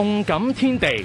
動感天地。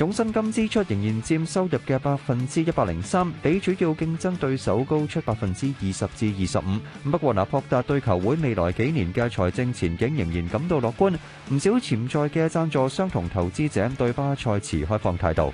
總薪金支出仍然佔收入嘅百分之一百零三，比主要競爭對手高出百分之二十至二十五。不過，拿朴達對球會未來幾年嘅財政前景仍然感到樂觀，唔少潛在嘅贊助商同投資者對巴塞持開放態度。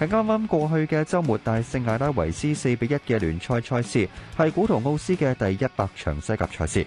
喺啱啱過去嘅週末，大勝艾拉維斯四比一嘅聯賽賽事，係古圖奧斯嘅第一百場西甲賽事。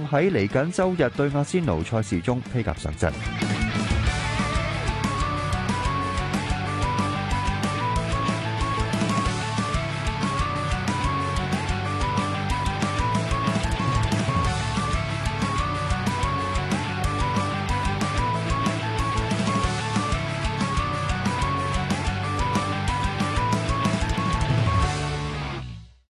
喺嚟緊周日對阿仙奴賽事中披甲上陣。